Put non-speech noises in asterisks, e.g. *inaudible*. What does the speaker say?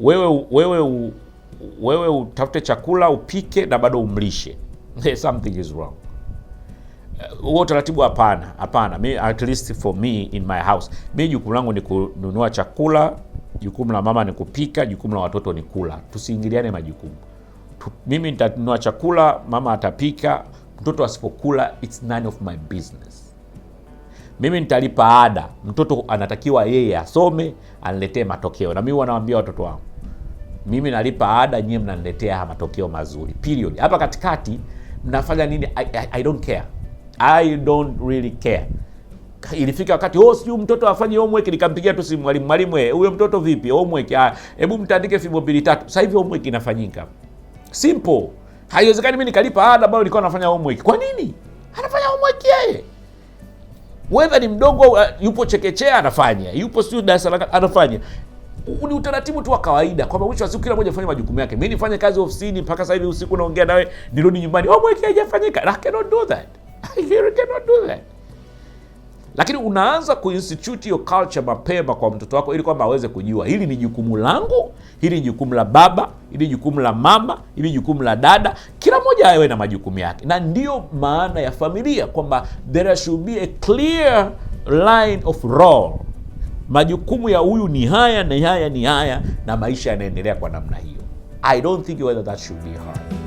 wewe wewe wewe utafute chakula upike na bado umlishe. *laughs* Something is wrong. Uh, huo utaratibu hapana, hapana. at least for me in my house, mi jukumu langu ni kununua chakula, jukumu la mama ni kupika, jukumu la watoto ni kula. Tusiingiliane majukumu tu. Mimi nitanunua chakula, mama atapika, mtoto asipokula, it's none of my business mimi nitalipa ada. Mtoto anatakiwa yeye asome, aniletee matokeo. Na mimi wanawaambia watoto wangu, mimi nalipa ada, nyie mnaniletea matokeo mazuri, period. Hapa katikati mnafanya nini? I, I, I don't care, I don't really care. Ilifika wakati oh, sijui mtoto afanye homework, nikampigia tu simu mwalimu, mwalimu, eh, huyo mtoto vipi homework? Ah, hebu mtandike fimbo mbili tatu. Sasa hivi homework inafanyika simple. Haiwezekani mimi nikalipa ada bado nilikuwa nafanya homework. Kwa nini anafanya homework yeye? Wewe ni mdogo uh, yupo chekechea anafanya, yupo sio darasa la anafanya. Ni utaratibu tu wa kawaida kwamba mwisho wa siku kila mmoja afanye majukumu yake. Mimi nifanye kazi ofisini mpaka sasa hivi usiku naongea nawe, nirudi nyumbani. Oh, mweke haijafanyika. I cannot do that. *laughs* I cannot do that. Lakini unaanza kuinstitute hiyo culture mapema kwa mtoto wako ili kwamba aweze kujua hili ni jukumu langu, hili ni jukumu la baba, hili ni jukumu la mama, hili ni jukumu la dada, pia awe na majukumu yake, na ndiyo maana ya familia kwamba there should be a clear line of role. Majukumu ya huyu ni haya na haya ni haya, na maisha yanaendelea kwa namna hiyo. I don't think whether that should be hard.